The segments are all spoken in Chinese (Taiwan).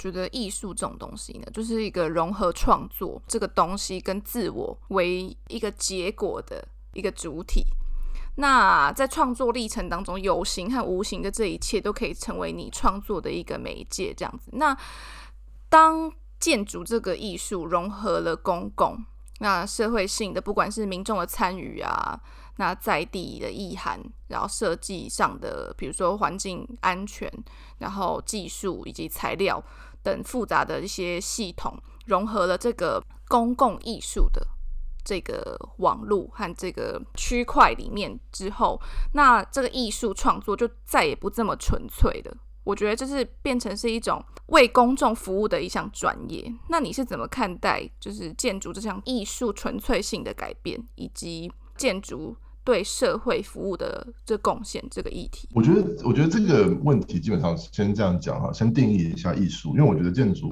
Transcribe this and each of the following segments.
覺得藝術這種東西呢，就是一個融合創作這個東西跟自我為一個結果的一個主體。那在創作歷程當中，有形和無形的這一切都可以成為你創作的一個媒介。這樣子，那當建築這個藝術融合了公共、那社會性的，不管是民眾的參與啊，那在地的意涵，然後設計上的，比如說環境安全，然後技術以及材料。等複雜的一些系統融合了這個公共藝術的這個網絡和這個區塊裡面之後，那這個藝術創作就再也不這麼純粹了。我覺得這是變成是一種為公眾服務的一項專業。那你是怎麼看待就是建築這項藝術純粹性的改變以及建築？對社會服務的這貢獻這個議題，我覺得，我覺得這個問題基本上先這樣講哈、啊，先定義一下藝術，因為我覺得建築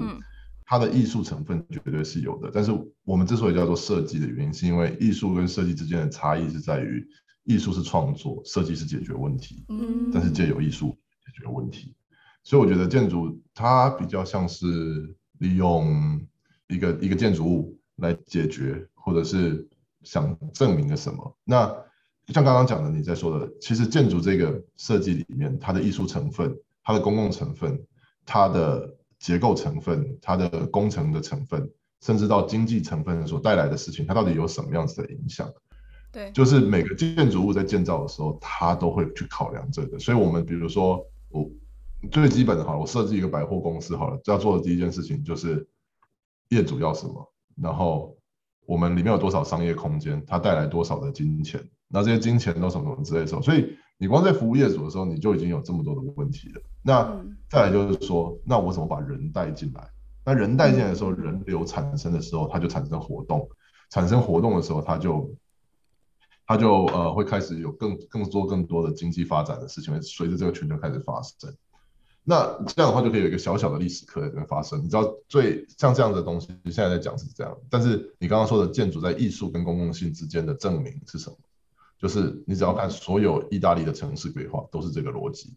它的藝術成分絕對是有的，嗯、但是我們之所以叫做設計的原因，是因為藝術跟設計之間的差異是在於，藝術是創作，設計是解決問題，嗯、但是借由藝術解決問題，所以我覺得建築它比較像是利用一個一個建築物來解決，或者是想證明了什麼，那。像剛剛講的，你在說的，其實建築這個設計裡面，它的藝術成分、它的公共成分、它的結構成分、它的工程的成分，甚至到經濟成分所帶來的事情，它到底有什麼樣子的影響？對，就是每個建築物在建造的時候，它都會去考量這個。所以，我們比如說我最基本的哈，我設計一個百貨公司好了，要做的第一件事情就是，業主要什麼，然後我們裡面有多少商業空間，它帶來多少的金錢。那這些金錢都什麼什麼之類的時候，所以你光在服務業主的時候，你就已經有這麼多的問題了。那再來就是說，那我怎麼把人帶進來？那人帶進來的時候，人流產生的時候，它就產生活動，產生活動的時候，它就它就呃會開始有更更多更多的經濟發展的事情，會隨着這個全球開始發生。那這樣的話就可以有一個小小的歷史課在發生。你知道，最像這樣的東西現在在講是這樣，但是你剛剛說的建築在藝術跟公共性之間的證明是什麼？就是你只要看所有意大利的城市規劃，都是這個邏輯，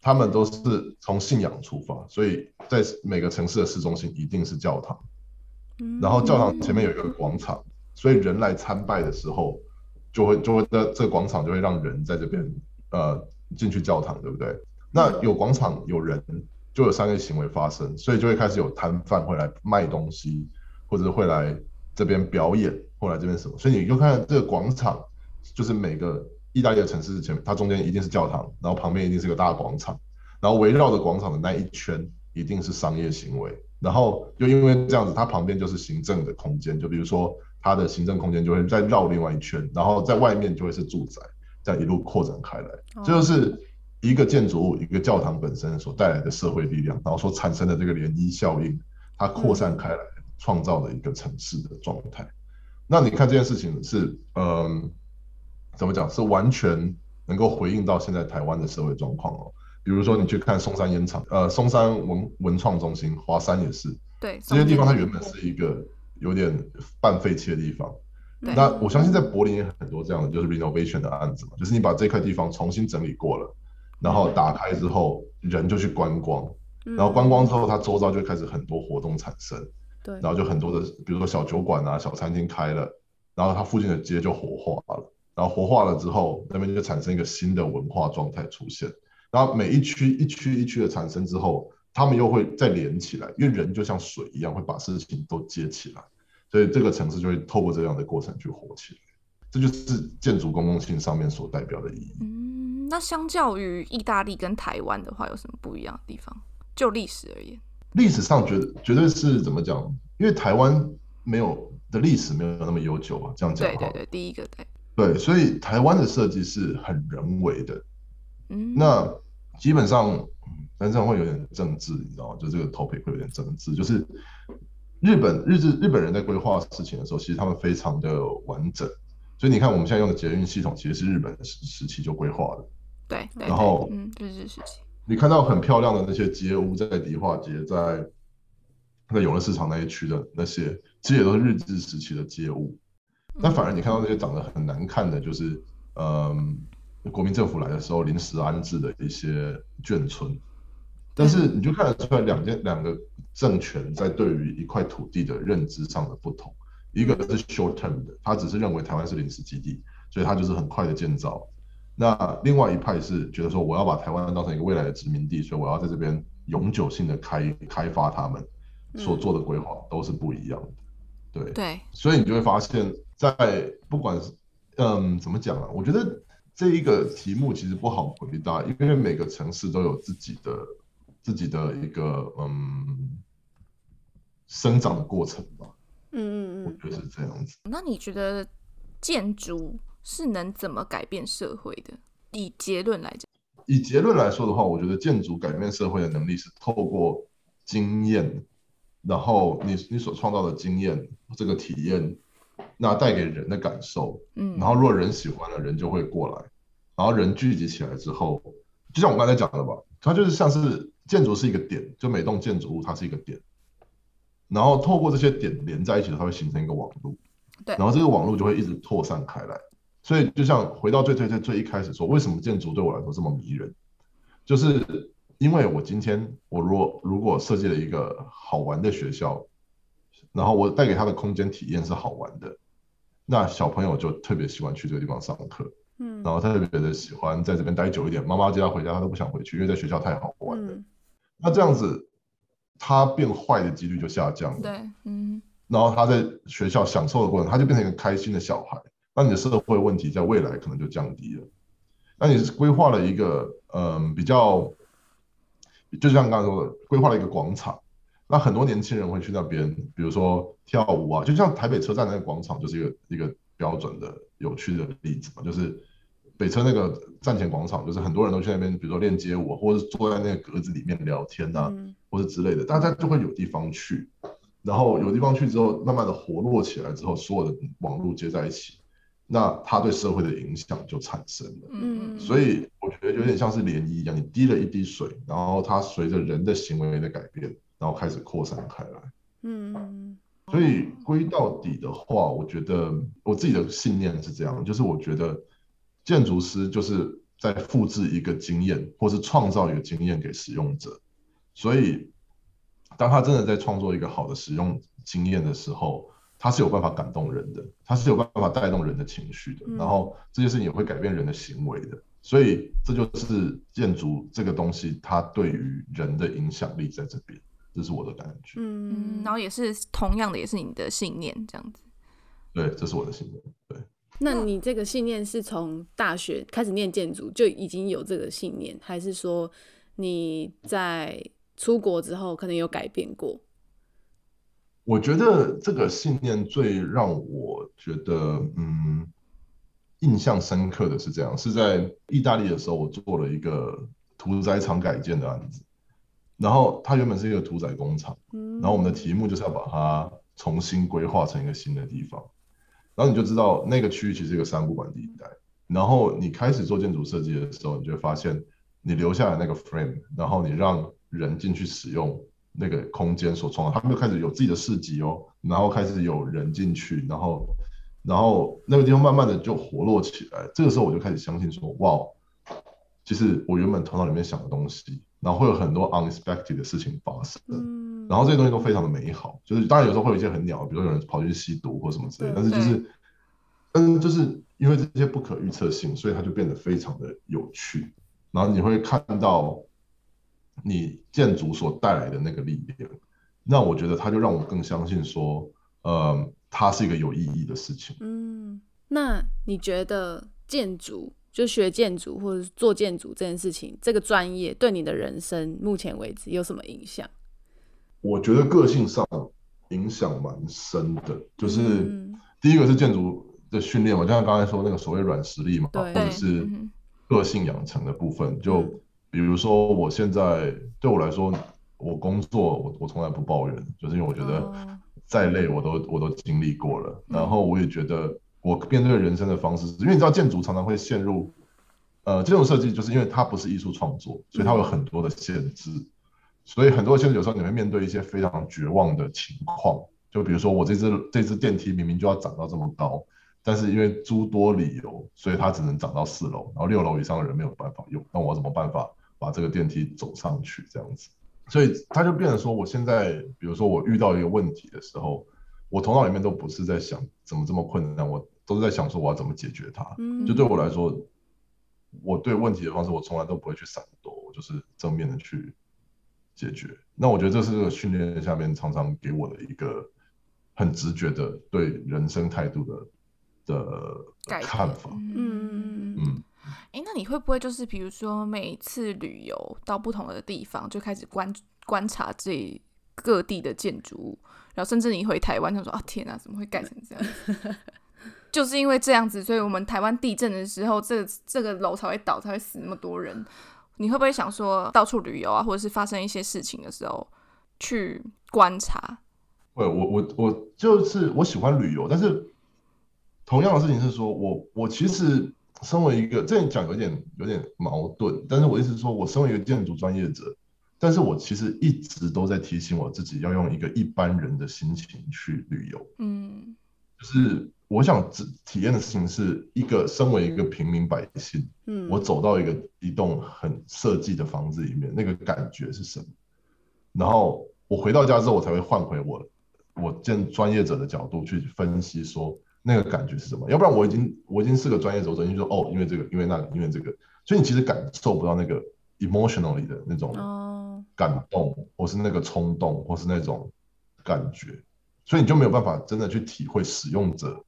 他們都是從信仰出發，所以在每個城市的市中心一定是教堂，然後教堂前面有一個廣場，所以人來參拜的時候，就會就會在這廣場就會讓人在這邊呃進去教堂，對不對？那有廣場有人，就有商業行為發生，所以就會開始有攤販會來賣東西，或者會來這邊表演，或來這邊什麼，所以你就看這個廣場。就是每個意大利的城市前面，它中間一定是教堂，然後旁邊一定是一個大廣場，然後圍繞着廣場的那一圈一定是商業行為，然後就因為這樣子，它旁邊就是行政的空間，就比如說它的行政空間就會再繞另外一圈，然後在外面就會是住宅，這樣一路擴展開來，這、嗯、就是一個建築物一個教堂本身所帶來的社會力量，然後所產生的這個漣漪效應，它擴散開來，創、嗯、造了一個城市的狀態。那你看這件事情是嗯。呃怎麼講，是完全能夠回應到現在台灣的社會狀況哦，比如說你去看松山菸廠，呃，松山文文創中心，華山也是，對，這些地方它原本是一個有點半廢棄的地方對，那我相信在柏林也很多這樣的就是 renovation 的案子嘛，就是你把這塊地方重新整理過了，然後打開之後人就去觀光，然後觀光之後它周遭就開始很多活動產生，對，然後就很多的比如說小酒館啊、小餐廳開了，然後它附近的街就活化了。然後活化了之後，那邊就產生一個新的文化狀態出現。然後每一區一區一區的產生之後，他們又會再連起來，因為人就像水一樣，會把事情都接起來。所以這個城市就會透過這樣的過程去活起來。這就是建築公共性上面所代表的意義。嗯，那相較於意大利跟台灣的話，有什麼不一樣的地方？就歷史而言，歷史上絕絕對是怎麼講？因為台灣沒有的歷史沒有那麼悠久啊。這樣講，對對對，第一個對。對，所以台灣的設計是很人為的。嗯、那基本上，但是會有點政治，你知道嗎？就這個 topic 會有點政治。就是日本、日治、日本人在規劃事情的時候，其實他們非常的完整。所以你看，我們現在用的捷運系統，其實是日本時時期就規劃的對對。對，然後、嗯，日治時期，你看到很漂亮的那些街屋，在迪化街，在在永樂市場那些區的那些，其實也都是日治時期的街屋。嗯、那反而你看到那些長得很難看的，就是，嗯，國民政府來的時候臨時安置的一些眷村，但是你就看得出來，兩件兩個政權在對於一塊土地的認知上的不同，一個是 short term 的，他只是認為台灣是臨時基地，所以他就是很快的建造，那另外一派是覺得說我要把台灣當成一個未來的殖民地，所以我要在這邊永久性的開開發，他們所做的規劃都是不一樣的，嗯、對對，所以你就會發現。在不管是嗯怎麼講啊，我覺得這一個題目其實不好回答，因為每個城市都有自己的自己的一個嗯，嗯生長的過程吧。嗯嗯嗯，就是這樣子。那你覺得建築是能怎麼改變社會的？以結論來講，以結論來說的話，我覺得建築改變社會的能力是透過經驗，然後你你所創造的經驗這個體驗。那帶給人的感受，嗯，然後如果人喜歡了、嗯，人就會過來，然後人聚集起來之後，就像我剛才講的吧，它就是像是建築是一個點，就每棟建築物它是一個點，然後透過這些點連在一起，它會形成一個網絡，對，然後這個網絡就會一直擴散開來。所以，就像回到最最最最一開始說，為什麼建築對我來說這麼迷人，就是因為我今天我如果如果設計了一個好玩的學校。然後我帶給他的空間體驗是好玩的，那小朋友就特別喜歡去這個地方上課，嗯，然後特別的喜歡在這邊待久一點。媽媽接他回家，他都不想回去，因為在學校太好玩了。嗯。那這樣子，他變壞的幾率就下降了，對，嗯。然後他在學校享受的過程，他就變成一個開心的小孩。那你的社會問題在未來可能就降低了。那你是規劃了一個，嗯，比較，就像剛剛說的，規劃了一個廣場。那很多年輕人會去那邊，比如說跳舞啊，就像台北車站那個廣場就是一個一個標準的有趣的例子嘛，就是北車那個站前廣場，就是很多人都去那邊，比如說練街舞，或者是坐在那個格子裡面聊天吶、啊嗯，或者之類的，大家就會有地方去，然後有地方去之後，慢慢的活絡起來之後，所有的網路接在一起，那它對社會的影響就產生了，嗯，所以我覺得有點像是漣漪一樣，你滴了一滴水，然後它隨着人的行為的改變，然後開始擴散開來，嗯，所以歸到底的話，我覺得我自己的信念是這樣，就是我覺得建築師就是在複製一個經驗，或是創造一個經驗給使用者，所以當他真的在創作一個好的使用經驗的時候，它是有辦法感動人的，它是有辦法帶動人的情緒的，嗯，然後這些事情也會改變人的行為的，所以這就是建築這個東西它對於人的影響力在這邊，這是我的感覺。嗯，然後也是同樣的，也是你的信念這樣子。對，這是我的信念。對，那你這個信念是從大學開始念建築就已經有這個信念，還是說你在出國之後可能有改變過？我覺得這個信念最讓我覺得，嗯，印象深刻的是這樣：是在意大利的時候，我做了一個屠宰場改建的案子，然後它原本是一個屠宰工廠，嗯，然後我們的題目就是要把它重新規劃成一個新的地方。然後你就知道那個區域其實是一個三不管地帶。然後你開始做建築設計的時候，你就會發現你留下來那個 frame，然後你讓人進去使用。那個空間所創造，他們就開始有自己的市集哦，然後開始有人進去，然後，然後那個地方慢慢的就活絡起來。這個時候我就開始相信說，哇，其實我原本頭腦裡面想的東西，然後會有很多 unexpected 的事情發生，嗯，然後這些東西都非常的美好。就是當然有時候會有一些很鳥，比如有人跑去吸毒或什麼之類的，但是就是，但是就是因為這些不可預測性，所以它就變得非常的有趣。然後你會看到。你建築所帶來的那個力量，那我覺得它就讓我更相信說，呃，它是一個有意義的事情。嗯，那你覺得建築就學建築或者做建築這件事情，這個專業對你的人生目前為止有什麼影響？我覺得個性上影響蠻深的，就是、嗯嗯、第一個是建築的訓練，我就像剛才說那個所謂軟實力嘛，對，或者是個性養成的部分，嗯、就。比如說，我現在對我來說，我工作，我我從來不抱怨，就是因為我覺得再累我都我都經歷過了。然後我也覺得我面對人生的方式，因為你知道，建築常常會陷入，呃，這種設計，就是因為它不是藝術創作，所以它有很多的限制，所以很多限制有時候你會面對一些非常絕望的情況。就比如說，我這只這只電梯明明就要長到這麼高，但是因為諸多理由，所以它只能長到四樓，然後六樓以上的人沒有辦法用，那我怎麼辦法？把這個電梯走上去，這樣子，所以他就變成說，我現在，比如說我遇到一個問題的時候，我頭腦裡面都不是在想怎麼這麼困難，我都是在想說我要怎麼解決它。就對我來說，我對問題的方式，我從來都不會去閃躲，我就是正面的去解決。那我覺得這是訓練下面常常給我的一個很直覺的對人生態度的的看法。嗯。嗯哎、欸，那你會不會就是比如說，每一次旅遊到不同的地方，就開始觀觀察這各地的建築物，然後甚至你回台灣，就說啊，天哪、啊，怎麼會蓋成這樣？ 就是因為這樣子，所以我們台灣地震的時候，這這個樓才會倒，才會死那麼多人。你會不會想說到處旅遊啊，或者是發生一些事情的時候去觀察？我我我我就是我喜歡旅遊，但是同樣的事情是說，我我其實。身為一個這樣講有點有點矛盾，但是我意思是說，我身為一個建築專業者，但是我其實一直都在提醒我自己，要用一個一般人的心情去旅遊。嗯，就是我想體驗的事情是一個身為一個平民百姓，嗯，我走到一個一棟很設計的房子裡面，那個感覺是什麼？然後我回到家之後，我才會換回我我建專業者的角度去分析說。那個感覺是什麼？要不然我已經我已經是個專業者，你就說哦，因為這個，因為那，因為這個，所以你其實感受不到那個 emotionally 的那種感動，oh. 或是那個衝動，或是那種感覺，所以你就沒有辦法真的去體會使用者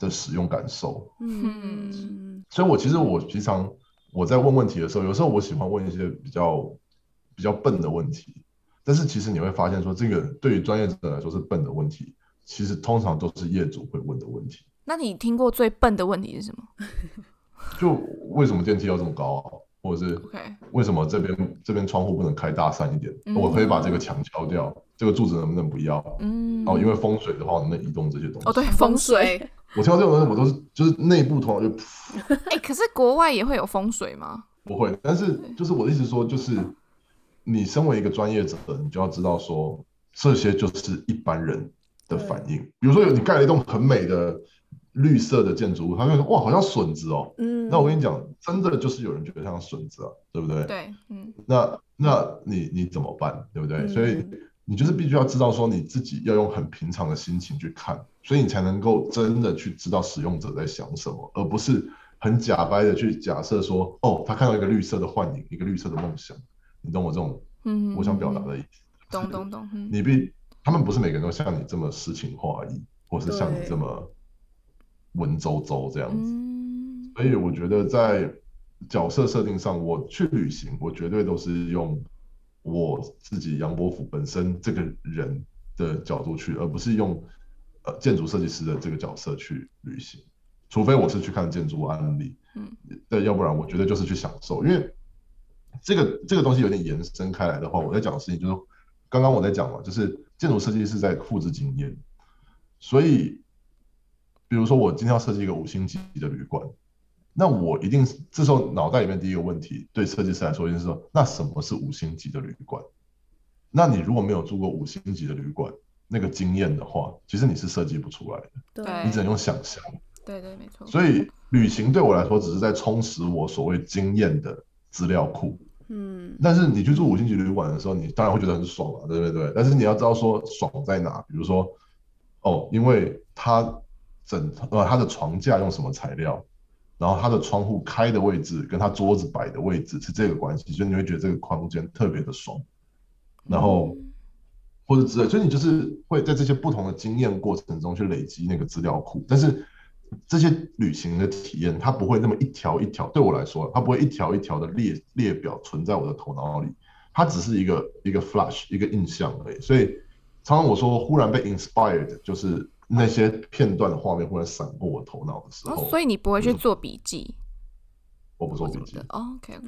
的使用感受。嗯、hmm.，所以我其實我平常我在問問題的時候，有時候我喜歡問一些比較比較笨的問題，但是其實你會發現說，這個對於專業者來說是笨的問題。其實通常都是業主會問的問題。那你聽過最笨的問題是什麼？就為什麼電梯要這麼高啊？或者是 OK？為什麼這邊、okay. 這邊窗戶不能開大扇一點、嗯？我可以把這個牆敲掉，這個柱子能不能不要？嗯，哦，因為風水的話，我能移動這些東西。哦，對，風水。我聽到這種東西，我都是就是內部通常就噗。哎、欸，可是國外也會有風水嗎？不會，但是就是我的意思說，就是你身為一個專業者，你就要知道說，這些就是一般人的反應，比如說有你蓋了一棟很美的綠色的建築物，他就說哇，好像筍子哦。嗯，那我跟你講，真的就是有人覺得像筍子哦、啊，對不對？對，嗯。那那你你怎麼辦？對不對？嗯、所以你就是必須要知道說你自己要用很平常的心情去看，所以你才能夠真的去知道使用者在想什麼，而不是很假掰的去假設說哦，他看到一個綠色的幻影，一個綠色的夢想。你懂我這種，嗯，我想表達的意思嗯嗯嗯。懂懂懂。嗯、你必須他們不是每個人都像你這麼詩情畫意，或是像你這麼文縐縐這樣子。嗯、所以我覺得在角色設定上，我去旅行，我絕對都是用我自己楊博輔本身這個人的角度去，而不是用呃建築設計師的這個角色去旅行。除非我是去看建築案例，嗯對，但要不然我絕對就是去享受。因為這個這個東西有點延伸開來的話，我在講的事情就是剛剛我在講嘛，就是。建築設計師在複製經驗，所以，比如說我今天要設計一個五星級的旅館，那我一定這時候腦袋裡面第一個問題，對設計師來說就是說，那什麼是五星級的旅館？那你如果沒有住過五星級的旅館那個經驗的話，其實你是設計不出來的。你只能用想象。對，對對，沒錯。所以旅行對我來說只是在充實我所謂經驗的資料庫。嗯，但是你去住五星級旅館的時候，你當然會覺得很爽啊，對不對？對。但是你要知道說爽在哪，比如說，哦，因為它整呃它的床架用什麼材料，然後它的窗戶開的位置跟它桌子擺的位置是這個關係，所以你會覺得這個空間特別的爽，然後、嗯、或者之類，所以你就是會在這些不同的經驗過程中去累積那個資料庫，但是。這些旅行的體驗，它不會那麼一條一條。對我來說，它不會一條一條的列列表存在我的頭腦裡，它只是一個一個 flash 一個印象而已。所以，常常我說忽然被 inspired，就是那些片段的畫面忽然閃過我頭腦的時候。Oh, 所以你不會去做筆記？我不做筆記。Oh, OK OK。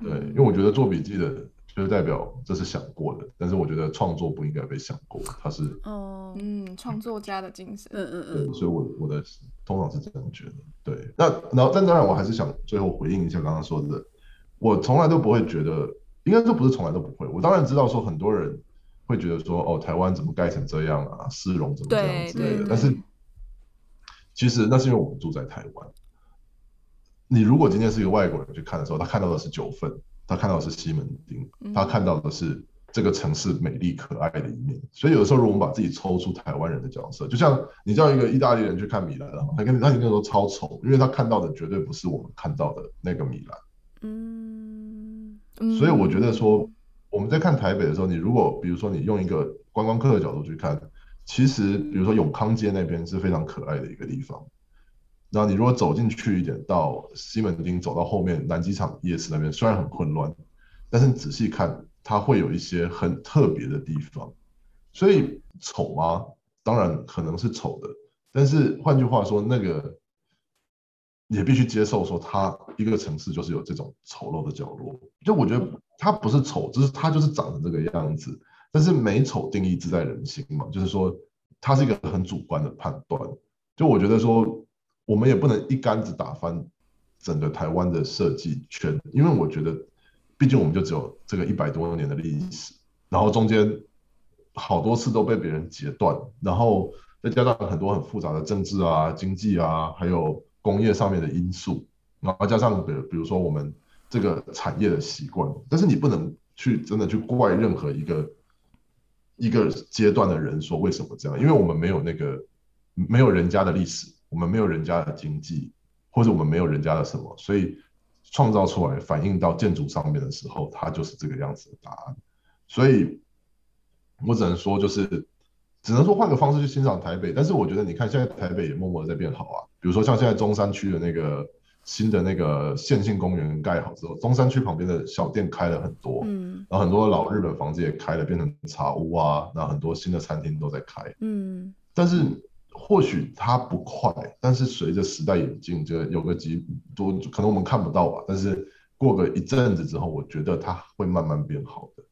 對，因為我覺得做筆記的。就代表這是想過的，但是我覺得創作不應該被想過，他是嗯、創、嗯、作家的精神，嗯嗯嗯，所以我我的通常是這樣覺得，對，那然後但當然我還是想最後回應一下剛剛說的，我從來都不會覺得，應該說不是從來都不會，我當然知道說很多人會覺得說哦，台灣怎麼蓋成這樣啊，市容怎麼這樣之類的，但是其實那是因為我們住在台灣，你如果今天是一個外國人去看的時候，他看到的是九份。他看到的是西門町，他看到的是這個城市美麗可愛的一面。嗯、所以有時候，如果我們把自己抽出台灣人的角色，就像你叫一個意大利人去看米蘭的話，他跟他說超醜，因為他看到的絕對不是我們看到的那個米蘭，嗯嗯。所以我覺得說我們在看台北的時候，你如果比如說你用一個觀光客的角度去看，其實比如說永康街那邊是非常可愛的一個地方。然後你如果走進去一點，到西門町走到後面南機場夜市那邊，雖然很混亂，但是你仔細看，它會有一些很特別的地方。所以醜嗎？當然可能是醜的，但是換句話說，那個你也必須接受說，它一個城市就是有這種醜陋的角落。就我覺得它不是醜，就是它就是長成這個樣子。但是美醜定義自在人心嘛，就是說它是一個很主觀的判斷。就我覺得說。我們也不能一竿子打翻整個台灣的設計圈，因為我覺得，畢竟我們就只有這個一百多年的歷史，然後中間好多次都被別人截斷，然後再加上很多很複雜的政治啊、經濟啊，還有工業上面的因素，然後加上比比如說我們這個產業的習慣，但是你不能去真的去怪任何一個一個階段的人說為什麼這樣，因為我們沒有那個沒有人家的歷史。我們沒有人家的經濟，或者我們沒有人家的什麼，所以創造出來反映到建築上面的時候，它就是這個樣子的答案。所以，我只能說就是，只能說換個方式去欣賞台北。但是我覺得，你看現在台北也默默的在變好啊。比如說像現在中山區的那個新的那個線性公園蓋好之後，中山區旁邊的小店開了很多，嗯，然後很多老日本房子也開了，變成茶屋啊，那很多新的餐廳都在開，嗯，但是。或許它不快，但是隨着時代演進，就有個幾多可能我們看不到吧。但是過個一陣子之後，我覺得它會慢慢變好的，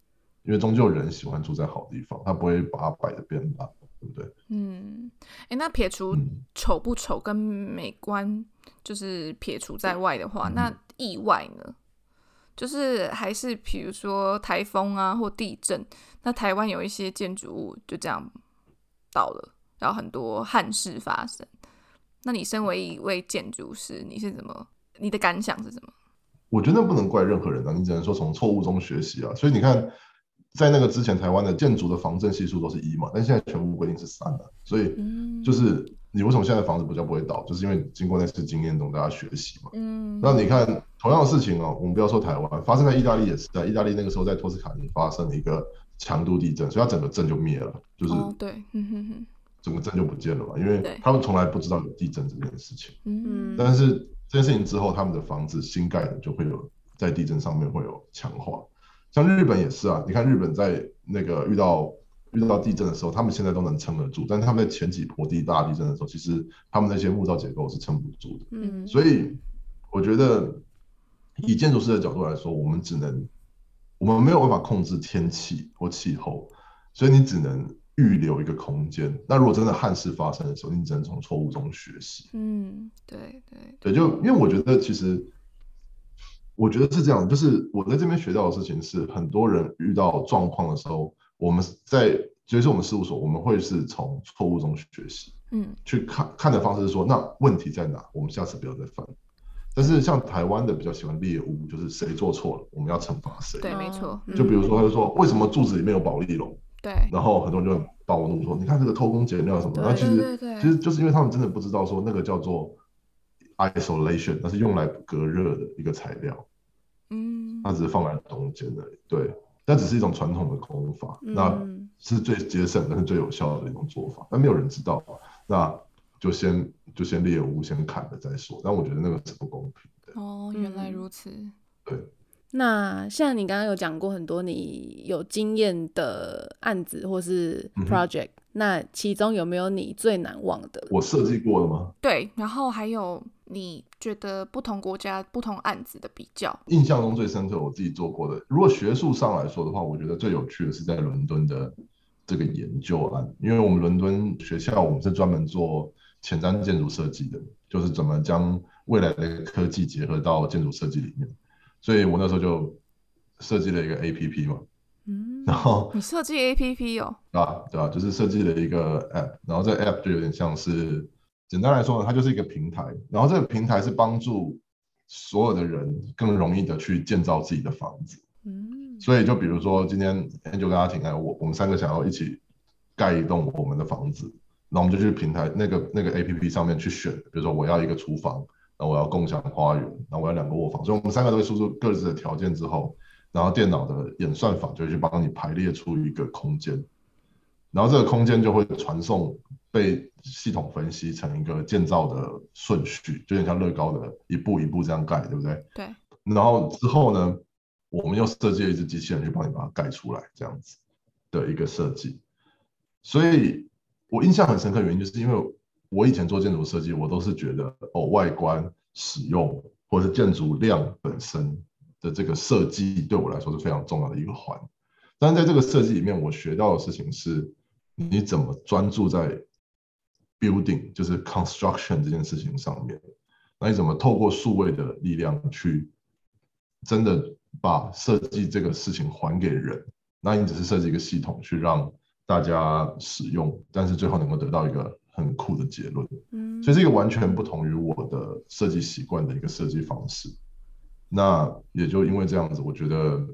因為終究人喜歡住在好地方，他不會把它擺得變大，對不對？嗯，欸、那撇除醜不醜跟美觀，就是撇除在外的話、嗯，那意外呢？就是還是比如說台風啊或地震，那台灣有一些建築物就這樣倒了。到很多憾事發生，那你身為一位建築師，你是怎麼？你的感想是什麼？我覺得不能怪任何人啊，你只能說從錯誤中學習啊。所以你看，在那個之前，台灣的建築的防震係數都是一嘛，但現在全部規定是三了，啊。所以就是、嗯、你為什麼現在房子比較不會倒，就是因為經過那次經驗中大家學習嘛。嗯。那你看同樣的事情啊，我們不要說台灣，發生在意大利也是在、啊、意大利那個時候在托斯卡尼發生了一個強度地震，所以它整個鎮就滅了，就是、哦、對，嗯哼哼整個鎮就不見了嘛，因為他們從來不知道有地震這件事情。嗯，但是這件事情之後，他們的房子新蓋的就會有在地震上面會有強化。像日本也是啊，你看日本在那個遇到遇到地震的時候，他們現在都能撐得住，但他們的前幾波地大地震的時候，其實他們那些木造結構是撐不住的。嗯，所以我覺得以建築師的角度來說，我們只能我們沒有辦法控制天氣或氣候，所以你只能。預留一個空間。那如果真的憾事發生的時候，你只能從錯誤中學習。嗯，對對對，對，就因為我覺得其實，我覺得是這樣，就是我在這邊學到的事情是，很多人遇到狀況的時候，我們在，尤、就、其是我們事務所，我們會是從錯誤中學習。嗯、去看看的方式是說，那問題在哪？我們下次不要再犯。但是像台灣的比較喜歡獵巫，就是誰做錯了，我們要懲罰誰。對，沒錯。就比如說，嗯、他說，為什麼柱子裡面有保麗龍？對，然後很多人就很暴怒說你看這個偷工減料什麼？對那其實對對對對其實就是因為他們真的不知道說那個叫做 isolation 那是用來隔熱的一個材料。嗯，它只是放在中間的，對。那只是一種傳統的工法、嗯，那是最節省、的、是最有效的一種做法。那沒有人知道那就先就先獵無先砍了再說。但我覺得那個是不公平的。哦，嗯、原來如此。對。那像你剛剛有講過很多你有經驗的案子或是 project，嗯哼，那其中有沒有你最難忘的？我設計過了嗎？對，然後還有你覺得不同國家不同案子的比較，印象中最深刻我自己做過的。如果學術上來說的話，我覺得最有趣的是在倫敦的這個研究案，因為我們倫敦學校我們是專門做前瞻建築設計的，就是怎麼將未來的科技結合到建築設計裡面。所以我那時候就設計了一個 APP 嘛，嗯，然後你設計 APP 哦。啊，對吧？就是設計了一個 App，然後這個 App 就有點像是，簡單來說呢，它就是一個平台，然後這個平台是幫助所有的人更容易的去建造自己的房子，嗯，所以就比如說今天 Angel 跟阿婷還有，我我們三個想要一起蓋一棟我們的房子，然後我們就去平台那個那個 APP 上面去選，比如說我要一個廚房。我要共享花園，那我要兩個臥房，所以我們三個都會輸出各自的條件之後，然後電腦的演算法，就會去幫你排列出一個空間，然後這個空間就會傳送被系統分析成一個建造的順序，就像像樂高的一步一步這樣蓋，對不對？對。然後之後呢，我們又設計了一只機器人去幫你把它蓋出來，這樣子的一個設計。所以我印象很深刻，原因就是因為。我以前做建築設計，我都是覺得哦，外觀、使用或者建築量本身的這個設計，對我來說是非常重要的一個環。但是在這個設計裡面，我學到的事情是，你怎麼專注在 building，就是 construction 這件事情上面？那你怎麼透過數位的力量去真的把設計這個事情還給人？那你只是設計一個系統去讓大家使用，但是最後能夠得到一個很酷的結論，所以這個完全不同於我的設計習慣的一個設計方式，嗯。那也就因為這樣子，我覺得，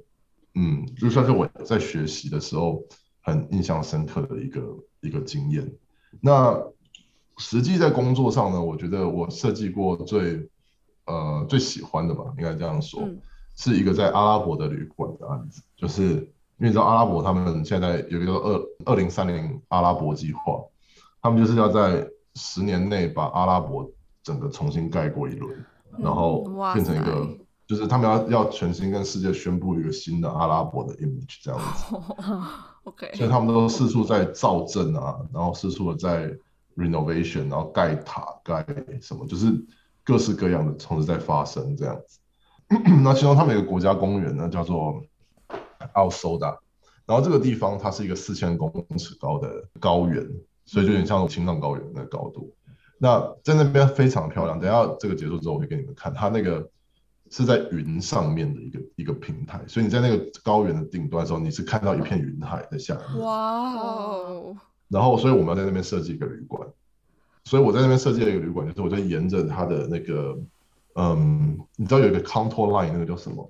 嗯，就算是我在學習的時候很印象深刻的一個一個經驗。那實際在工作上呢，我覺得我設計過最呃最喜歡的吧，應該這樣說，嗯，是一個在阿拉伯的旅館的案子，就是因為你知道阿拉伯他們現在有一個二二零三零阿拉伯計劃。他們就是要在十年內把阿拉伯整個重新蓋過一輪，嗯、然後變成一個，就是他們要要全新跟世界宣布一個新的阿拉伯的 image 這樣子。 OK，所以他們都四處在造鎮啊，然後四處在 renovation，然後蓋塔蓋什麼，就是各式各樣的重新在發生這樣子。 那其中他們有一個國家公園呢叫做奧蘇達，然後這個地方它是一個四千公尺高的高原。所以就有點像青藏高原的高度、嗯，那在那邊非常漂亮。等一下這個結束之後，我就給你們看它那個是在雲上面的一個一個平台。所以你在那個高原的頂端的時候，你是看到一片雲海在下面。哇、wow、哦！然後所以我們要在那邊設計一個旅館，所以我在那邊設計了一個旅館，就是我就沿着它的那個，嗯，你知道有一個 contour line 那個叫什麼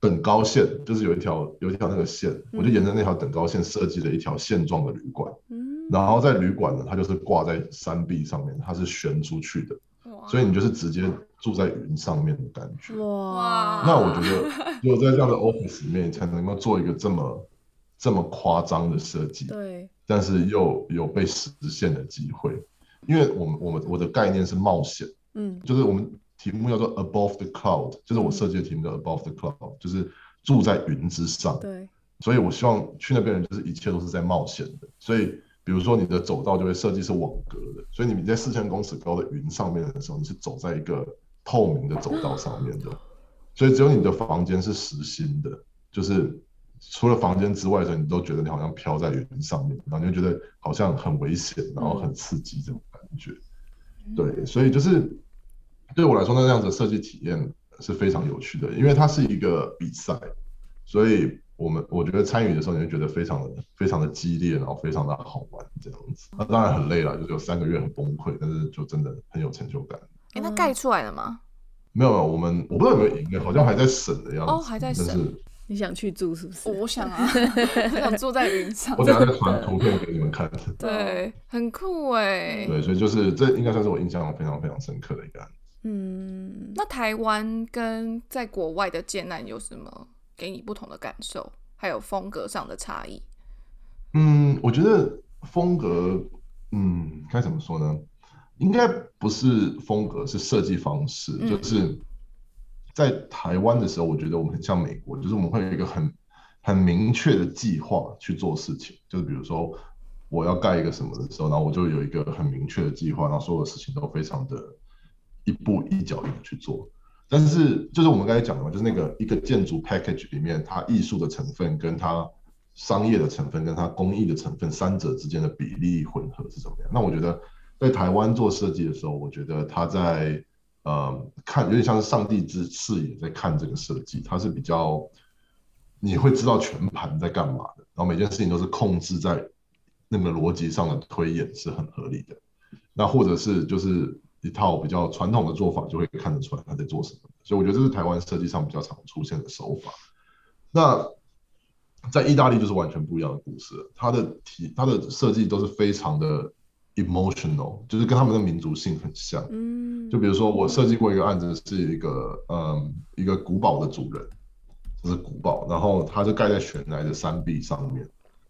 等高線，就是有一條有一條那個線，嗯、我就沿着那條等高線設計了一條線狀的旅館。嗯。然後在旅館呢，它就是掛在山壁上面，它是懸出去的，所以你就是直接住在雲上面的感覺。哇！那我覺得只有在這樣的 office 裡面，你才能夠做一個這麼這麼誇張的設計。對。但是又有，有被實現的機會，因為我們我們我的概念是冒險，嗯，就是我們題目叫做 Above the Cloud，就是我設計的題目叫 Above the Cloud，就是住在雲之上。對。所以我希望去那邊的人就是一切都是在冒險的，所以。比如說你的走道就會設計是網格的，所以你們在四千公尺高的雲上面的時候，你是走在一個透明的走道上面的，所以只有你的房間是實心的，就是除了房間之外的時候你都覺得你好像飄在雲上面，然後你就覺得好像很危險，然後很刺激這種感覺。對，所以就是對我來說，那樣子的設計體驗是非常有趣的，因為它是一個比賽，所以。我們我覺得參與的時候，你會覺得非常的非常的激烈，然後非常的好玩這樣子、啊。那當然很累了，就是有三個月很崩潰，但是就真的很有成就感。哎、欸，那蓋出來了嗎？沒有，我們我不知道有沒有贏，好像還在審的樣子。哦，還在審。你想去住是不是？哦我，想啊、 我想啊，我想住在雲上 我等下再傳圖片給你們看。對，很酷哎、欸。對，所以就是這應該算是我印象非常非常深刻的一個案子。嗯，那台灣跟在國外的建案有什麼？給你不同的感受，還有風格上的差異。嗯，我覺得風格，嗯，該怎麼說呢？應該不是風格，是設計方式，嗯。就是在台灣的時候，我覺得我們很像美國，就是我們會有一個很很明確的計劃去做事情。就比如說我要蓋一個什麼的時候，然後我就有一個很明確的計劃，然後所有的事情都非常的一步一腳印的去做。但是就是我們剛才講的嘛，就是那個一個建築 package 裡面，它藝術的成分、跟它商業的成分、跟它工藝的成分三者之間的比例混合是怎麼樣？那我覺得在台灣做設計的時候，我覺得他在呃看有點像是上帝之視野在看這個設計，它是比較你會知道全盤在幹嘛的，然後每件事情都是控制在那個邏輯上的推演是很合理的。那或者是就是。一套比較傳統的做法，就會看得出來他在做什麼。所以我覺得這是台灣設計上比較常出現的手法。那在意大利就是完全不一樣的故事，它的體、它的設計都是非常的 emotional，就是跟他們的民族性很像。就比如說我設計過一個案子，是一個嗯一個古堡的主人，這是古堡，然後它就蓋在懸崖的山壁上面，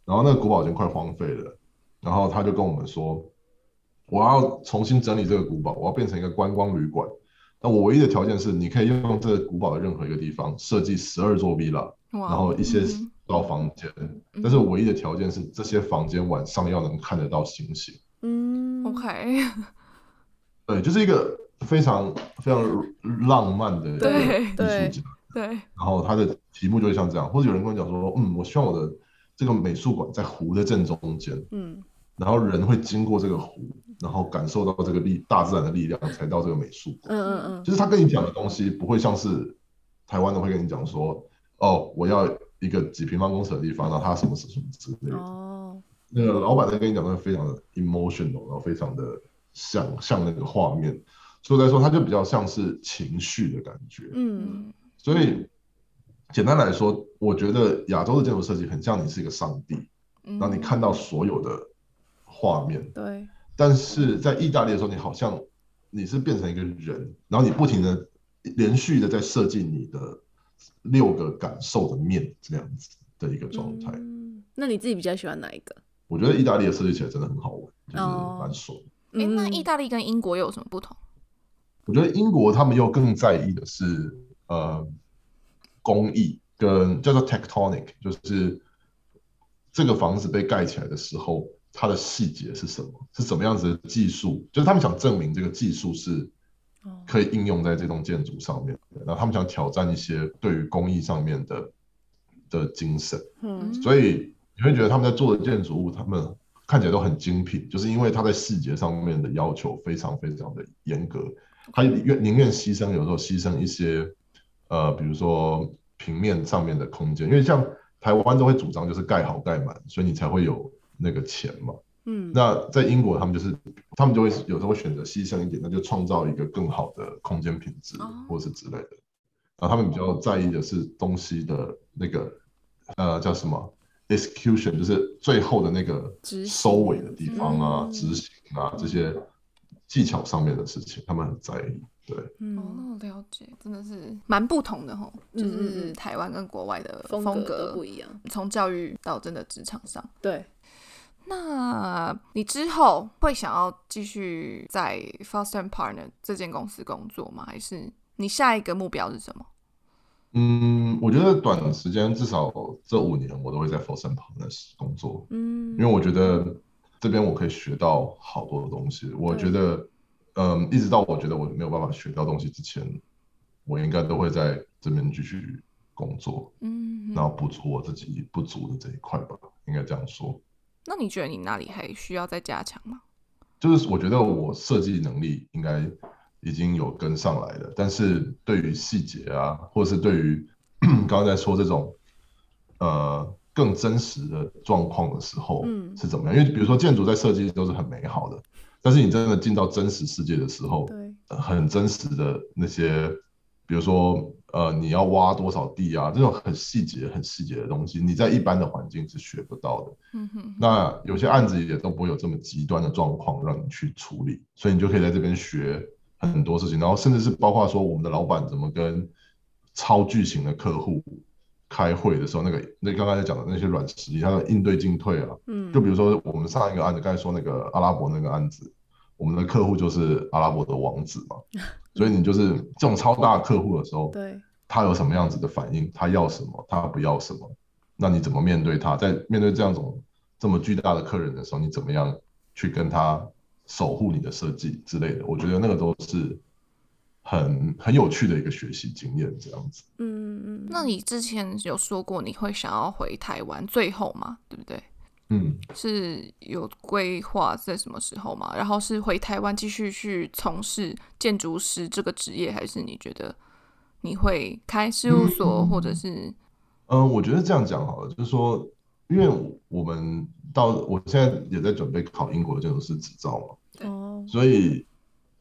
然後那個古堡已經快荒廢了，然後他就跟我們說。我要重新整理這個古堡，我要變成一個觀光旅館。那我唯一的條件是，你可以用這個古堡的任何一個地方設計十二座 villa，然後一些到房間、嗯。但是唯一的條件是，這些房間晚上要能看得到星星。嗯，OK。對，okay. 就是一個非常非常浪漫的一個藝術對，對，對，然後他的題目就會像這樣，或者有人跟我講說，嗯，我希望我的這個美術館在湖的正中間。嗯，然後人會經過這個湖。然後感受到這個力，大自然的力量，才到這個美術。嗯嗯嗯，就是他跟你講的東西，不會像是台灣的會跟你講說，哦，我要一個幾平方公尺的地方，然後他什麼什麼之類的。哦，那、呃、個老板在跟你講，的非常的 emotional，然後非常的想像，像那個畫面。所以來說，他就比較像是情緒的感覺。嗯。所以簡單來說，我覺得亞洲的建築設計很像你是一個上帝，讓、嗯、你看到所有的畫面。嗯、對。但是在意大利的時候，你好像你是變成一個人，然後你不停的連續的在設計你的六個感受的面這樣子的一個狀態、嗯。那你自己比較喜歡哪一個？我覺得意大利的設計起來真的很好玩，就是蠻爽。哎、哦，那意大利跟英國又有什麼不同？我覺得英國他們又更在意的是呃工藝跟叫做 tectonic，就是這個房子被蓋起來的時候。它的細節是什麼？是什麼樣子的技術？就是他們想證明這個技術是可以應用在這棟建築上面。然後他們想挑戰一些對於工藝上面的的精神。嗯。所以你會覺得他們在做的建築物，他們看起來都很精品，就是因為他在細節上面的要求非常非常的嚴格。他寧願寧願犧牲，有時候犧牲一些，呃，比如說平面上面的空間，因為像台灣都會主張就是蓋好蓋滿，所以你才會有。那個錢嘛，嗯，那在英國他們就是，他們就會有時候選擇犧牲一點，那就創造一個更好的空間品質，哦，或是之類的。然、啊、後他們比較在意的是東西的那個，哦、呃，叫什麼？execution，就是最後的那個收尾的地方啊，執行、嗯、行啊這些技巧上面的事情，他們很在意。對，嗯、哦，那了解，真的是蠻不同的哦，就是台灣跟國外的風格不一樣，從教育到真的職場上，對。那你之後會想要繼續在 Foster + Partners 這間公司工作嗎？還是你下一個目標是什麼？嗯，我覺得短的時間至少這五年我都會在 Foster + Partners 工作。嗯，因為我覺得這邊我可以學到好多的東西。我覺得，嗯，一直到我覺得我沒有辦法學到東西之前，我應該都會在這邊繼續工作。嗯，然後補足我自己不足的這一塊吧，應該這樣說。那你覺得你哪裡還需要再加強嗎？就是我覺得我設計能力應該已經有跟上來了，但是對於細節啊，或是對於剛 才在說這種呃更真實的狀況的時候，是怎麼樣、嗯？因為比如說建築在設計都是很美好的，但是你真的進到真實世界的時候，對、呃、很真實的那些。比如說，呃，你要挖多少地啊？這種很細節、很細節的東西，你在一般的環境是學不到的。嗯哼。那有些案子也都不會有這麼極端的狀況讓你去處理，所以你就可以在這邊學很多事情。嗯、然後甚至是包括說，我們的老板怎麼跟超巨型的客戶開會的時候，那個那剛剛才講的那些軟實力，他的應對進退啊。嗯。就比如說我們上一個案子、嗯，剛才說那個阿拉伯那個案子。我們的客戶就是阿拉伯的王子嘛，所以你就是這種超大客戶的時候，對，他有什麼樣子的反應？他要什麼？他不要什麼？那你怎麼面對他？在面對這樣這種這麼巨大的客人的時候，你怎麼樣去跟他守護你的設計之類的？我覺得那個都是很很有趣的一個學習經驗。這樣子，嗯嗯嗯。那你之前有說過你會想要回台灣最後嗎？對不對？嗯，是有規劃在什麼時候嗎？然後是回台灣繼續去從事建築師這個職業，還是你覺得你會開事務所，或者是嗯？嗯，我覺得這樣講好了，就是說，因為我們到、嗯、我現在也在準備考英國的建築師執照嘛，哦、嗯，所以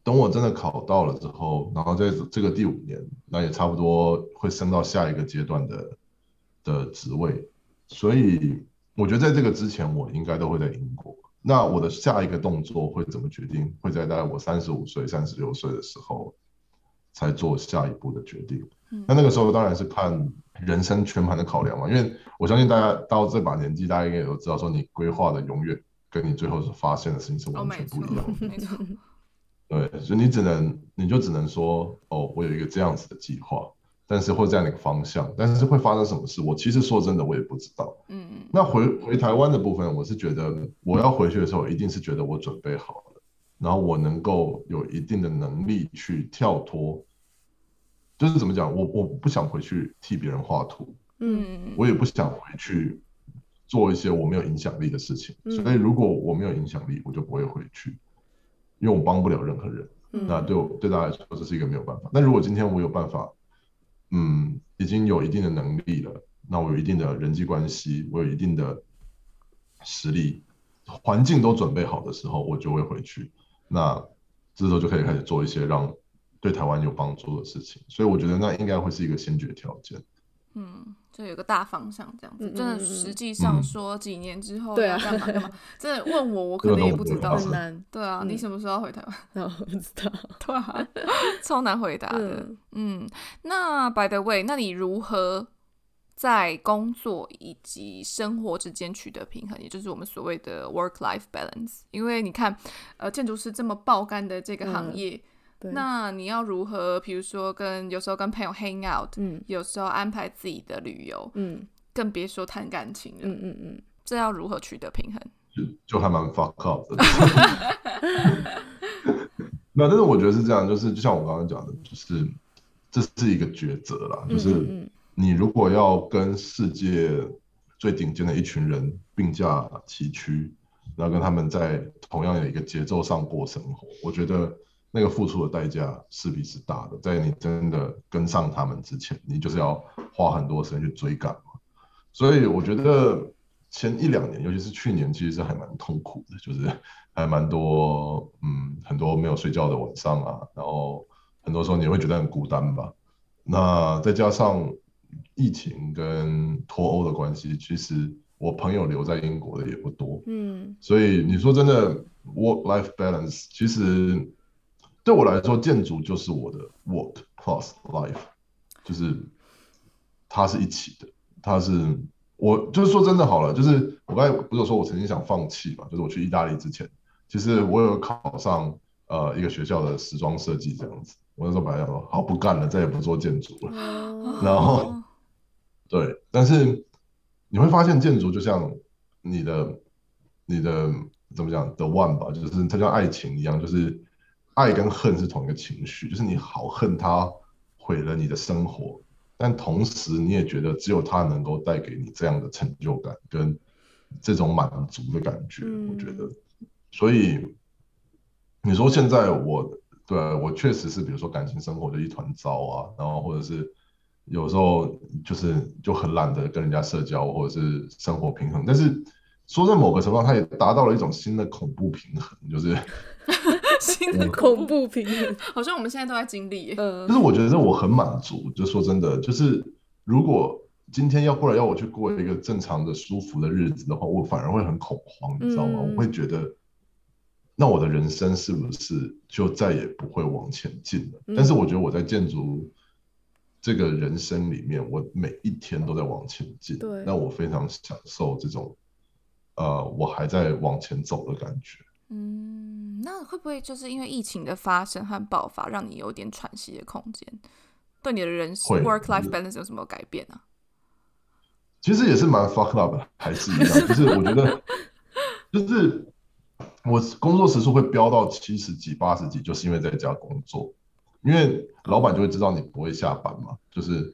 等我真的考到了之後，然後在這個第五年，那也差不多會升到下一個階段的的職位，所以。我覺得在這個之前，我應該都會在英國。那我的下一個動作會怎麼決定，會在大概我三十五歲、三十六歲的時候，才做下一步的決定，嗯。那那個時候當然是看人生全盤的考量嘛。因為我相信大家到這把年紀，大家應該也都知道，說你規劃的永遠跟你最後所發現的事情是完全不一樣。哦、沒錯，沒錯。對，所以你只能，你就只能說，哦，我有一個這樣子的計劃。但是會這樣的一個方向，但是會發生什麼事？我其實說真的，我也不知道。嗯嗯。那回回台灣的部分，我是覺得我要回去的時候，嗯、一定是覺得我準備好了，嗯、然後我能夠有一定的能力去跳脫。就是怎麼講？我我不想回去替別人畫圖。嗯。我也不想回去做一些我沒有影響力的事情，嗯。所以如果我沒有影響力，我就不會回去，因為我幫不了任何人。嗯、那對我對大家來說，這是一個沒有辦法。那、嗯、如果今天我有辦法。嗯，已經有一定的能力了。那我有一定的人際關係，我有一定的實力，環境都準備好的時候，我就會回去。那這時候就可以開始做一些讓對台灣有幫助的事情。所以我覺得那應該會是一個先決條件。嗯，這有個大方向這樣子。嗯嗯嗯嗯，真的實際上說幾年之後要幹嘛幹嘛，真的問我我可能也不知道，難，對啊、嗯，你什麼時候回台灣？我不知道，對啊，超難回答的。嗯，嗯那 By the way，那你如何在工作以及生活之間取得平衡，也就是我們所謂的 work-life balance？因為你看，呃，建築師這麼爆肝的這個行業。嗯那你要如何？比如說跟，跟有時候跟朋友 hang out，嗯，有時候安排自己的旅遊，嗯，更別說談感情了，嗯嗯嗯，這要如何取得平衡？就就還蠻 fucked up 的。 那但是我覺得是這樣，就是就像我剛剛講的，就是這是一個抉擇啦，就是你如果要跟世界最頂尖的一群人並駕齊驅，然後跟他們在同樣的一個節奏上過生活，我覺得。那個付出的代價勢必是大的，在你真的跟上他們之前，你就是要花很多時間去追趕嘛。所以我覺得前一兩年，尤其是去年，其實是還蠻痛苦的，就是還蠻多嗯很多沒有睡覺的晚上啊，然後很多時候你會覺得很孤單吧。那再加上疫情跟脫歐的關係，其實我朋友留在英國的也不多，嗯，所以你說真的，work-life balance 其實。對我來說，建築就是我的 work plus life，就是它是一起的。它是我就是說真的好了，就是我剛才不是說我曾經想放棄嘛？就是我去意大利之前，其實我有考上呃一個學校的時裝設計這樣子。我就說白了，說，好不幹了，再也不做建築了。然後對，但是你會發現建築就像你的你的怎麼講 the one 吧，就是它像愛情一樣，就是。愛跟恨是同一個情緒，就是你好恨他毀了你的生活，但同時你也覺得只有他能夠帶給你這樣的成就感跟這種滿足的感覺。嗯、我覺得，所以你說現在我對、啊、我確實是，比如說感情生活就一團糟啊，然後或者是有時候就是就很懶得跟人家社交，或者是生活平衡。但是說在某個程度上，他也達到了一種新的恐怖平衡，就是。 新的恐怖平原。 好像我們現在都在經歷。嗯、呃，但是我覺得我很滿足。就說真的，就是如果今天要過來要我去過一個正常的、舒服的日子的話，我反而會很恐慌，你知道嗎？嗯、我會覺得，那我的人生是不是就再也不會往前進了、嗯？但是我覺得我在建築這個人生裡面，我每一天都在往前進。對，那我非常享受這種，呃，我還在往前走的感覺。嗯。那會不會就是因為疫情的發生和爆發，讓你有點喘息的空間？對你的人生 work life balance 有什麼改變呢、啊？其實也是蠻 fuck up 的，還是一樣， 就是我覺得，就是我工作時數會飆到七十幾、八十幾，就是因為在家工作，因為老板就會知道你不會下班嘛，就是。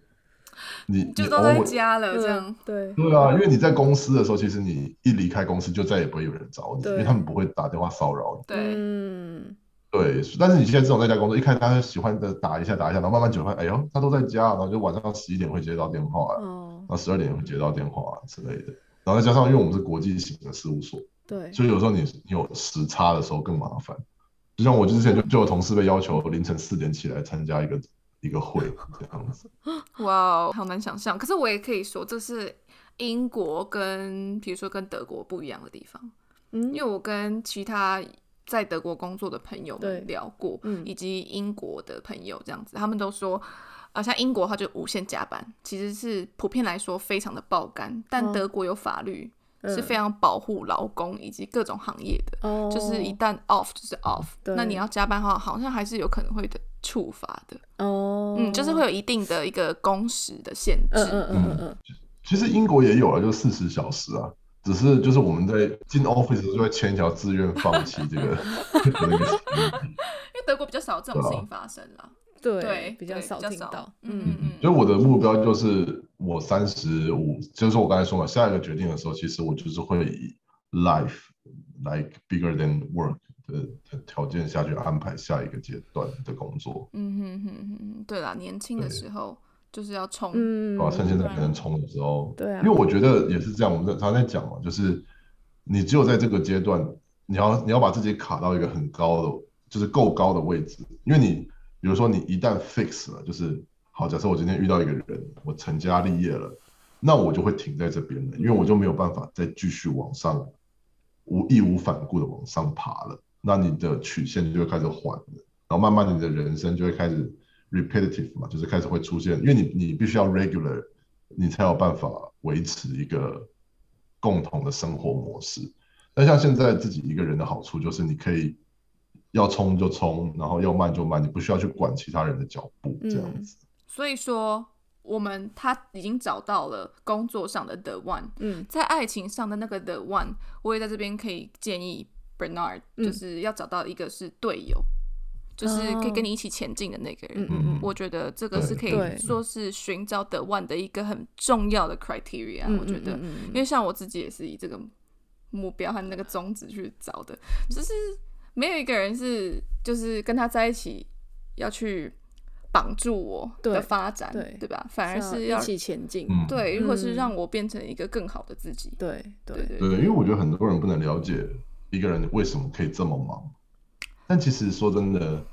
你就都在家了這樣，對對啊對，因為你在公司的時候，其實你一離開公司，就再也不會有人找你，對，因為他們不會打電話騷擾你，對對、嗯。對，但是你現在這種在家工作，一開始他喜歡的打一下打一下，然後慢慢久了，哎呦，他都在家，然後就晚上十一點會接到電話，哦、然後十二點會接到電話之類的，然後再加上因為我們是國際型的事務所，對，所以有時候你，你有時差的時候更麻煩，就像我之前就，就有同事被要求凌晨四點起來參加一個一個會這樣子，哇哦，好難想象。可是我也可以說，這是英國跟比如說跟德國不一樣的地方。嗯，因為我跟其他在德國工作的朋友們聊過，嗯，以及英國的朋友這樣子，嗯、他們都說，啊，像英國的話就無限加班，其實是普遍來說非常的爆肝。但德國有法律、嗯、是非常保護勞工以及各種行業的，嗯、就是一旦 off 就是 off。那你要加班的話，好像還是有可能會的。處罰的哦，oh. 嗯，就是會有一定的一個工時的限制。Uh, uh, uh, uh. 嗯嗯嗯，其實英國也有了，啊，就四十小時啊，只是就是我們在進 office 就會簽一條自願放棄這個。 因為德國比較少這種事情發生啦，yeah. 對。對，比較少聽到。嗯嗯嗯。所，嗯，以我的目標就是我三十五，就是我剛才說了，下一個決定的時候，其實我就是會以 life like bigger than work。呃，條件下去安排下一個階段的工作。嗯哼哼哼，對啦，年輕的時候就是要衝，哦、嗯啊，趁現在還能衝的時候。對啊，因為我覺得也是這樣，我們在常在講嘛，就是你只有在這個階段，你要你要把自己卡到一個很高的，就是夠高的位置。因為你比如說你一旦 fix 了，就是好，假設我今天遇到一個人，我成家立業了，那我就會停在這邊了、嗯，因為我就沒有辦法再繼續往上，無義無反顧的往上爬了。那你的曲線就會開始緩了，然後慢慢你的人生就會開始 repetitive 嘛，就是開始會出現，因為你你必須要 regular，你才有辦法維持一個共同的生活模式。那像現在自己一個人的好處就是你可以要衝就衝，然後要慢就慢，你不需要去管其他人的腳步這樣子。嗯，所以說，我們他已經找到了工作上的 the one，嗯，在愛情上的那個 the one，我也在這邊可以建議。Bernard 就是要找到一個是隊友，嗯，就是可以跟你一起前進的那個人，哦嗯。我覺得這個是可以說是尋找 the One 的一個很重要的 criteria，嗯。我覺得，嗯嗯，因為像我自己也是以這個目標和那個宗旨去找的，只，嗯就是沒有一個人是就是跟他在一起要去綁住我的發展，對，對吧對？反而是要，要一起前進，嗯。對，或是讓我變成一個更好的自己，嗯，對對對，對，因為我覺得很多人不能了解。一個人為什麼可以這麼忙？但其實說真的，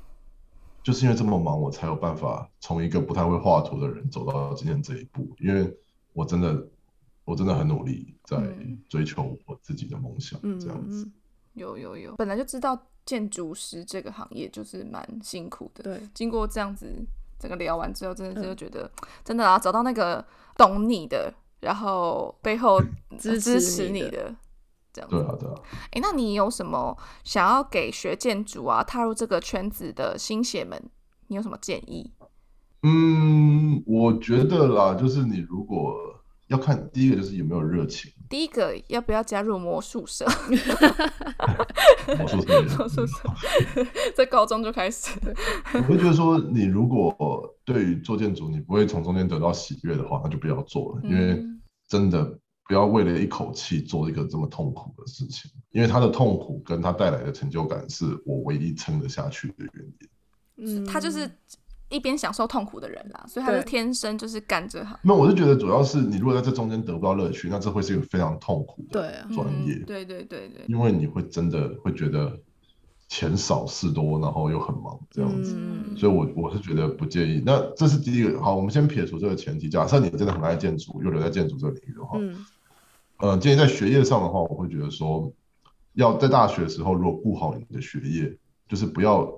就是因為這麼忙，我才有辦法從一個不太會畫圖的人走到今天這一步。因為我真的，我真的很努力在追求我自己的夢想、嗯，這樣子。有有有，本來就知道建築師這個行業就是蠻辛苦的。對，經過這樣子整個聊完之後，真的就覺得、嗯、真的啊，找到那個懂你的，然後背後支持你的。 對啊，對啊。哎，那你有什麼想要給學建築啊、踏入這個圈子的新血們？你有什麼建議？嗯，我覺得啦，就是你如果要看第一個，就是有沒有熱情。第一個，要不要加入魔術社？ 魔術社， 魔術社 在高中就開始。 我會覺得說，你如果對於做建築，你不會從中間得到喜悅的話，那就不要做了，嗯、因為真的。不要為了一口氣做一個這麼痛苦的事情，因為他的痛苦跟他帶來的成就感是我唯一撐得下去的原因。嗯，他就是一邊享受痛苦的人啦，所以他是天生就是幹這行。那我是覺得主要是你如果在這中間得不到樂趣，那這會是一個非常痛苦的專業。對、啊嗯、對，對對對，因為你會真的會覺得錢少事多，然後又很忙這樣子。嗯、所以我我是覺得不建議。那這是第一個。好，我們先撇除這個前提，假設你真的很愛建築，又留在建築這個領域的話。嗯嗯，建議在學業上的話，我會覺得說，要在大學的時候，如果顧好你的學業，就是不要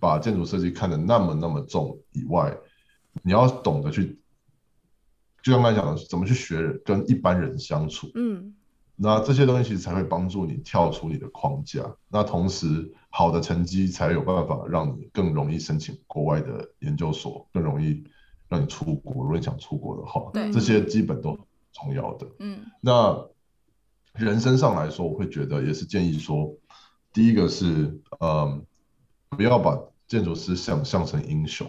把建築設計看得那麼那麼重以外，你要懂得去，就剛才講的，怎麼去學跟一般人相處。嗯。那這些東西才會幫助你跳出你的框架。那同時，好的成績才有辦法讓你更容易申請國外的研究所，更容易讓你出國。如果你想出國的話，對。這些基本都。重要的，嗯，那人生上來說，我會覺得也是建議說，第一個是，嗯，不要把建築師想象成英雄，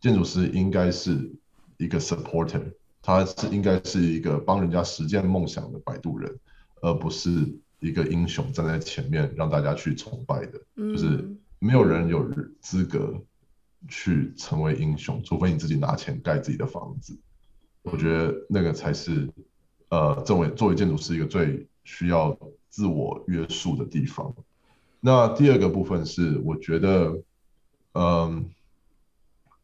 建築師應該是一個 supporter，他是應該是一個幫人家實現夢想的擺渡人，而不是一個英雄站在前面讓大家去崇拜的，嗯，就是沒有人有資格去成為英雄，除非你自己拿錢蓋自己的房子。我覺得那個才是，呃，作為作為建築師一個最需要自我約束的地方。那第二個部分是，我覺得，嗯，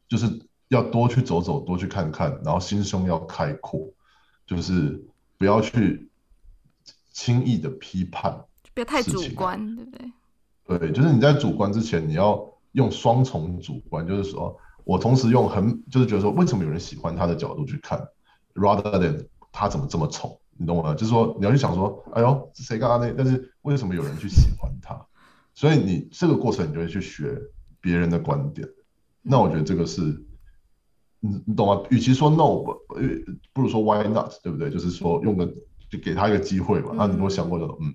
就是要多去走走，多去看看，然後心胸要開闊，就是不要去輕易的批判，不要太主觀，對不對？對，就是你在主觀之前，你要用雙重主觀，就是說我同時用很就是覺得說，為什麼有人喜歡他的角度去看。rather than 他怎麼這麼醜？你懂嗎？就是說你要去想說，哎呦，是誰幹的？但是為什麼有人去喜歡他？嗯、所以你這個過程你就會去學別人的觀點。嗯、那我覺得這個是，你你懂嗎？與其說 no，不如說 why not，對不對？就是說用個就給他一個機會嘛、嗯。那你如果想過的嗯，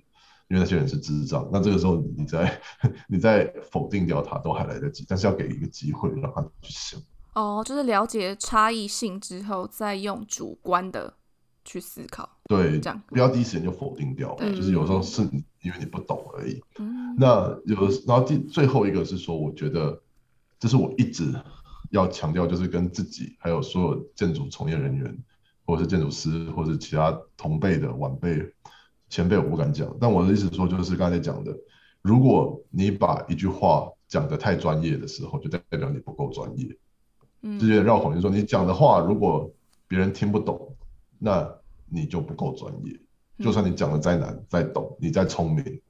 因為那些人是智障，那這個時候你再你再否定掉他都還來得及，但是要給一個機會讓他去想。哦，就是了解差異性之後，再用主觀的去思考，對，這樣不要第一時間就否定掉，就是有時候是因為你不懂而已。嗯，那有然後第最後一個是說，我覺得這是我一直要強調，就是跟自己，還有所有建築從業人員，或是建築師，或是其他同輩的晚輩、前輩，我不敢講，但我的意思是說就是剛才講的，如果你把一句話講得太專業的時候，就代表你不夠專業。直接繞口就說，就說你講的話，如果別人聽不懂，那你就不夠專業。就算你講的再難再懂，你再聰明，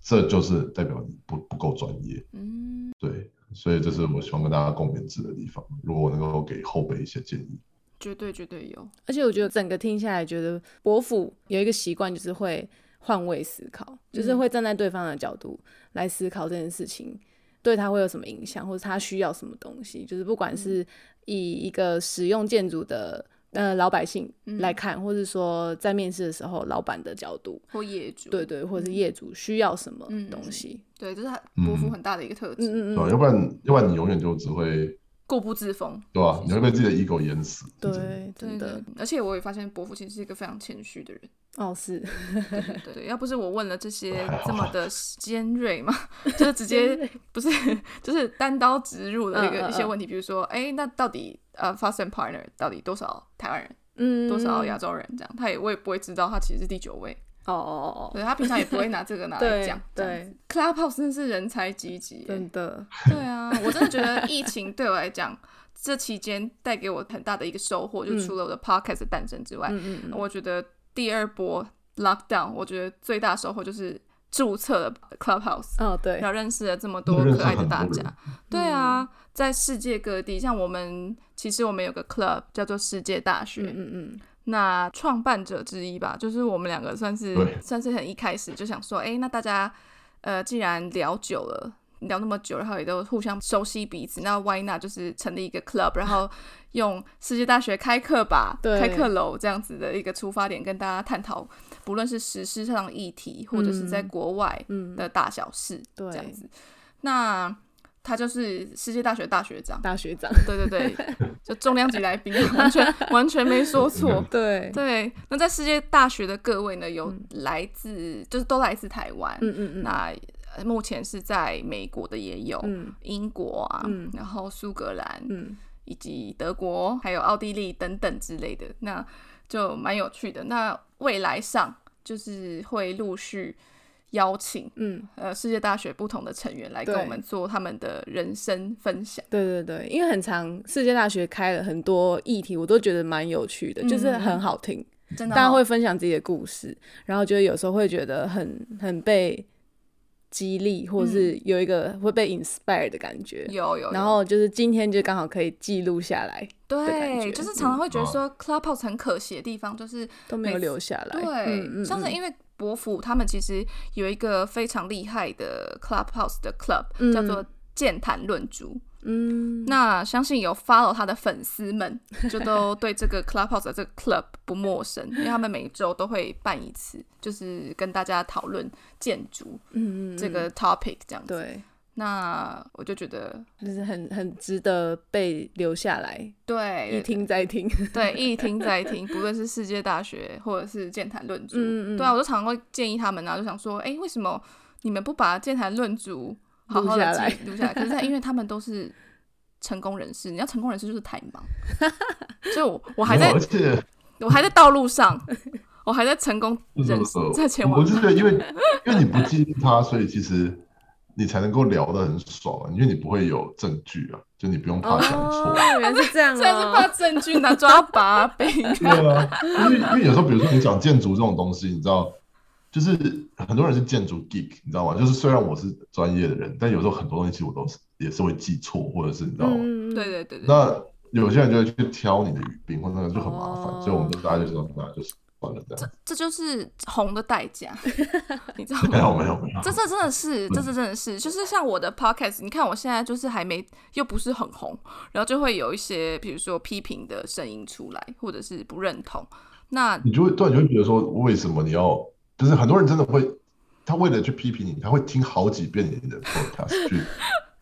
這就是代表你不不夠專業。嗯，對，所以這是我希望跟大家共勉之的地方。如果我能夠給後輩一些建議，絕對絕對有。而且我覺得整個聽下來，覺得博輔有一個習慣，就是會換位思考、嗯，就是會站在對方的角度來思考這件事情。對他會有什麼影響，或者他需要什麼東西？就是不管是以一個使用建築的、嗯、呃老百姓來看，嗯、或者說在面試的時候，老板的角度或業主，對對，或者是業主需要什麼東西？嗯嗯、對，這、就是他博輔、嗯、很大的一個特質。嗯嗯嗯，嗯、哦，要不然，要不然你永遠就只會。固步自封，對吧、啊？你會被自己的 ego 淹死。對，真的對的。而且我也發現博輔，其實是一個非常謙虛的人。哦，是。 對，對對，要不是我問了這些這麼的尖銳嘛、啊，就是直接 不是就是單刀直入的一個一些問題， uh, uh, uh. 比如說，哎、欸，那到底呃、uh, Foster + Partners 到底多少台灣人？嗯，多少亞洲人？這樣，他也我也不會知道，他其實是第九位。哦哦哦哦，對，他平常也不會拿這個拿來講。 對，Clubhouse 真是人才濟濟，真的。對啊， 我真的覺得疫情對我來講，這期間帶給我很大的一個收穫，嗯，就除了我的 Podcast 的誕生之外嗯嗯，我覺得第二波 Lockdown，我覺得最大收穫就是註冊了 Clubhouse，oh,。然後認識了這麼多可愛的大家。對啊，嗯，在世界各地，像我們其實我們有個 Club 叫做世界大學。嗯嗯，嗯。那創辦者之一吧，就是我們兩個算，算是算是很一開始就想說，哎、欸，那大家，呃，既然聊久了，聊那麼久了，然後也都互相熟悉彼此，那 Why not 就是成立一個 club， 然後用世界大學開課吧，對開課樓這樣子的一個出發點，跟大家探討，不論是時事上議題，或者是在國外的大小事，嗯、這樣子。那他就是世界大學大學長，大學長，對對對，就重量級來賓， 完全完全沒說錯。對 對，那在世界大學的各位呢，有來自、嗯、就是都來自台灣，嗯嗯嗯，那目前是在美國的也有，嗯，英國啊，嗯、然後蘇格蘭，嗯，以及德國，還有奧地利等等之類的，那就蠻有趣的。那未來上就是會陸續，邀請，嗯，呃，世界大學不同的成員來跟我們做他們的人生分享。對對對，因為很常，世界大學開了很多議題，我都覺得蠻有趣的、嗯，就是很好聽。真的、哦，大家會分享自己的故事，然後覺得有時候會覺得很很被激勵，或者是有一個會被 inspire 的感覺。嗯、感覺有,有有。然後就是今天就剛好可以記錄下來感覺。對、嗯，就是常常會覺得說 Clubhouse 很可惜的地方就是都沒有留下來。對，嗯嗯嗯像是因為。博輔他們其實有一個非常厲害的 clubhouse 的 club，、嗯、叫做“建談論築”。嗯，那相信有 follow 他的粉絲們，就都對這個 clubhouse 的這個 club 不陌生， 因為他們每周都會辦一次，就是跟大家討論建築，嗯，這個 topic 這樣子、嗯。對。那我就覺得就是很很值得被留下來，對，一聽再聽，對，對 對一聽再聽，不論是世界大學或者是健談論著，嗯嗯，對啊，我都常常會建議他們啊，就想說，哎、欸，為什麼你們不把健談論著好好的記錄下，下來？可是因為他們都是成功人士， 你要成功人士就是太忙，就 我，我還在，我還在道路上， 我還在成功人士、就是、我在前往，我就是因為 因為你不記他，所以其實。你才能夠聊得很爽啊，因為你不會有證據啊，就你不用怕講錯、啊。原、哦、來是這樣啊！真是怕證據拿抓把柄。對啊，因為因為有時候，比如說你講建築這種東西，你知道，就是很多人是建築 geek，你知道嗎？就是雖然我是專業的人，但有時候很多東西我都是也是會記錯，或者是你知道嗎？對、嗯、對對對。那有些人就會去挑你的語病，或者就很麻煩、哦，所以我們就大家就知道，那就是。這，這就是紅的代價， 你知道嗎？沒有沒有沒有，這這真的是，這這真的是、嗯，就是像我的 podcast，你看我現在就是還沒，又不是很紅，然後就會有一些比如說批評的聲音出來，或者是不認同。那你就會突然你會覺得說，為什麼你要？就是很多人真的會，他為了去批評你，他會聽好幾遍你的 podcast，去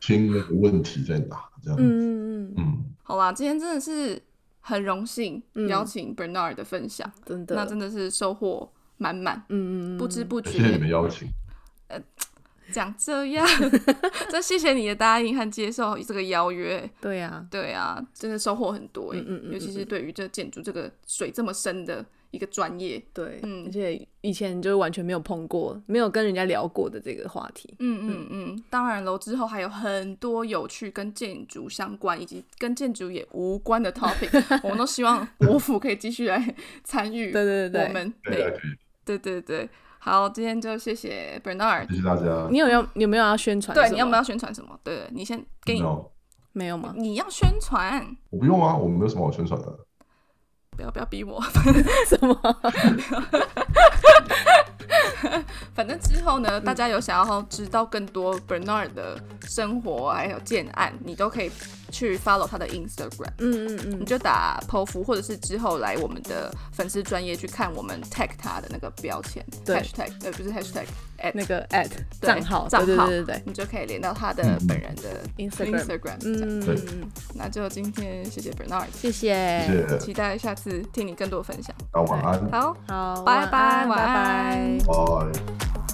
聽那個問題在哪， 這樣子。嗯嗯嗯，好啦，今天真的是。很榮幸邀請 Bernard 的分享，嗯、真的，那真的是收穫滿滿。不知不覺，謝謝你們邀請。呃講這樣，這 謝謝你的答應和接受這個邀約。對呀、啊，對呀、啊，真的收穫很多、欸、嗯嗯嗯嗯尤其是對於這建築這個水這麼深的一個專業。對，嗯。而且以前就完全沒有碰過，沒有跟人家聊過的這個話題。嗯嗯嗯。當然，了，之後還有很多有趣跟建築相關，以及跟建築也無關的 topic， 我們都希望博輔可以繼續來參與。對對對。我們對。對對對。對對對好，今天就謝謝 Bernard，謝謝大家。你有沒有沒有要宣傳？對，你要不要宣傳什麼？對你先給你，沒有嗎？你要宣傳？我不用啊。我們沒有什麼好宣傳的。不要不要逼我， 什麼？ 反正之後呢，大家有想要知道更多 Bernard 的生活還有建案，你都可以。去 follow 他的 Instagram，嗯嗯嗯，你就打剖腹，或者是之後來我們的粉絲專頁去看我們 tag 他的那個標籤，對，hashtag 呃，不是 hashtag @那個@賬號賬號，對對對對，你就可以連到他的本人的嗯 Instagram，Instagram 嗯嗯嗯，那就今天謝謝 Bernard，謝謝，謝謝，期待下次聽你更多分享。好，晚安，好，好，拜拜，拜拜。Bye.